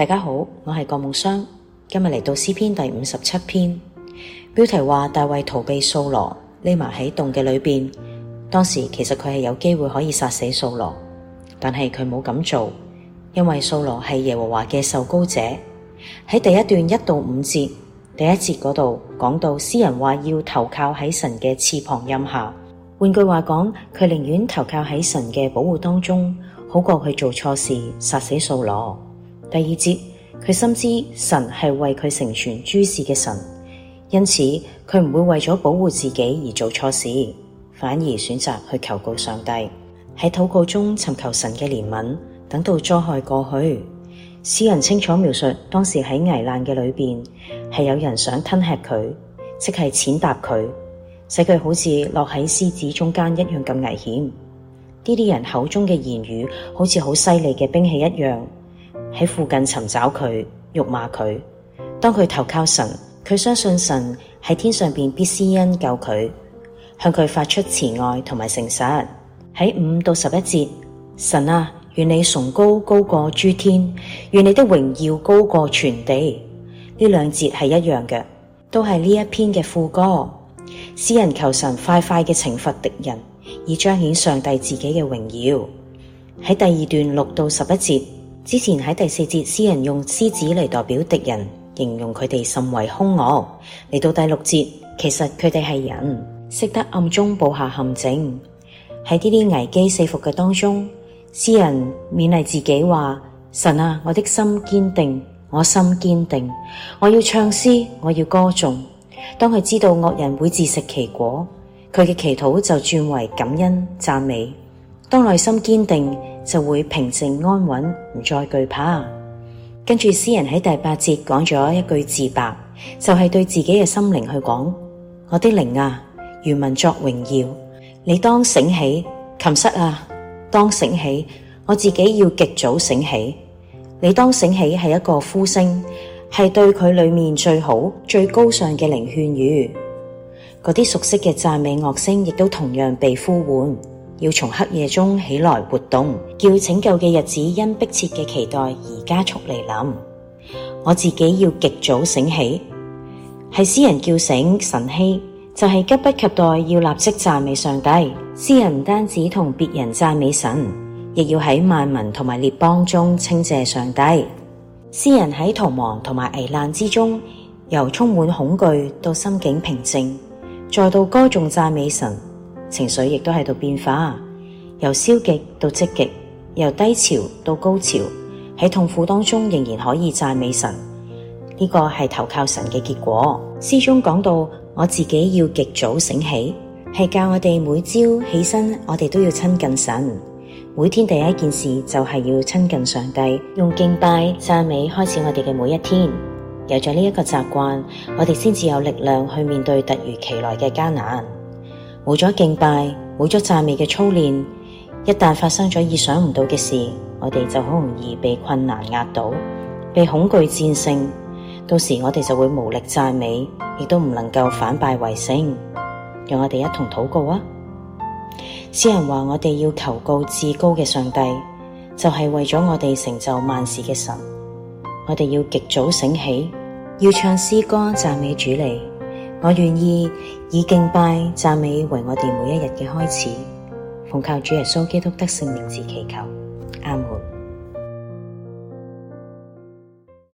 大家好，我係郭夢雙。今日嚟到詩篇第五十七篇，標題話大衛逃避掃羅，匿埋喺洞嘅裏邊。當時其實佢係有機會可以殺死掃羅，但係佢冇咁做，因為掃羅係耶和華嘅受膏者。喺第一段一到五節，第一節嗰度講到詩人話要投靠喺神嘅翅膀蔭下。換句話講，佢寧願投靠喺神嘅保護當中，好過去做錯事殺死掃羅。第二節，佢深知神係為佢成全諸事嘅神，因此佢唔會為咗保護自己而做錯事，反而選擇去求告上帝，喺禱告中尋求神嘅憐憫，等到災害過去。詩人清楚描述當時喺危難嘅裏邊，係有人想吞吃佢，即係踐踏佢，使佢好似落喺獅子中間一樣咁危險。呢啲人口中嘅言語好似好犀利嘅兵器一樣。喺附近尋找佢，辱罵佢。當佢投靠神，佢相信神喺天上邊必施恩救佢，向佢發出慈愛同埋誠實。喺五到十一節，神啊，願你崇高高過諸天，願你的榮耀高過全地。呢兩節係一樣嘅，都係呢一篇嘅副歌。詩人求神快快嘅懲罰敵人，以彰顯上帝自己嘅榮耀。喺第二段六到十一節。之前喺第四節，詩人用獅子嚟代表敵人，形容佢哋甚為兇惡。嚟到第六節，其實佢哋係人，識得暗中布下陷阱。喺呢啲危機四伏嘅當中，詩人勉勵自己話：神啊，我的心堅定，我心堅定，我要唱詩，我要歌頌。當佢知道惡人會自食其果，佢嘅祈禱就轉為感恩讚美。當內心堅定。就會平靜安穩，唔再懼怕。跟住詩人喺第八節講咗一句自白，就係對自己嘅心靈去講：我的靈啊，原文作榮耀，你當醒起，琴瑟啊，當醒起，我自己要極早醒起。你當醒起係一個呼聲，係對佢裏面最好、最高尚嘅靈勸語。嗰啲熟悉嘅讚美樂聲，亦都同樣被呼喚。要從黑夜中起來活動，叫拯救嘅日子因迫切嘅期待而加速來臨。我自己要極早醒起，係詩人叫醒晨曦，就係、是、急不及待要立即讚美上帝。詩人唔單止同別人讚美神，亦要喺萬民同埋列邦中稱謝上帝。詩人喺逃亡同埋危難之中，由充滿恐懼到心境平靜，再到歌頌讚美神。情緒亦都喺度變化，由消極到積極，由低潮到高潮。喺痛苦當中，仍然可以讚美神，呢個係投靠神嘅結果。詩中講到我自己要極早醒起，係教我哋每朝起身，我哋都要親近神。每天第一件事就係要親近上帝，用敬拜讚美開始我哋嘅每一天。有咗呢一個習慣，我哋先至有力量去面對突如其來嘅艱難。冇咗敬拜，冇咗讚美嘅操練，一旦發生咗意想不到嘅事，我哋就好容易被困難壓倒，被恐懼戰勝。到時我哋就會無力讚美，亦都唔能夠反敗為勝。讓我哋一同禱告啊！詩人話：我哋要求告至高嘅上帝，就係為咗我哋成就萬事嘅神。我哋要極早醒起，要唱詩歌讚美主嚟。我願意以敬拜讚美為我哋每一日嘅開始，奉靠主耶穌基督嘅聖名字祈求，阿門。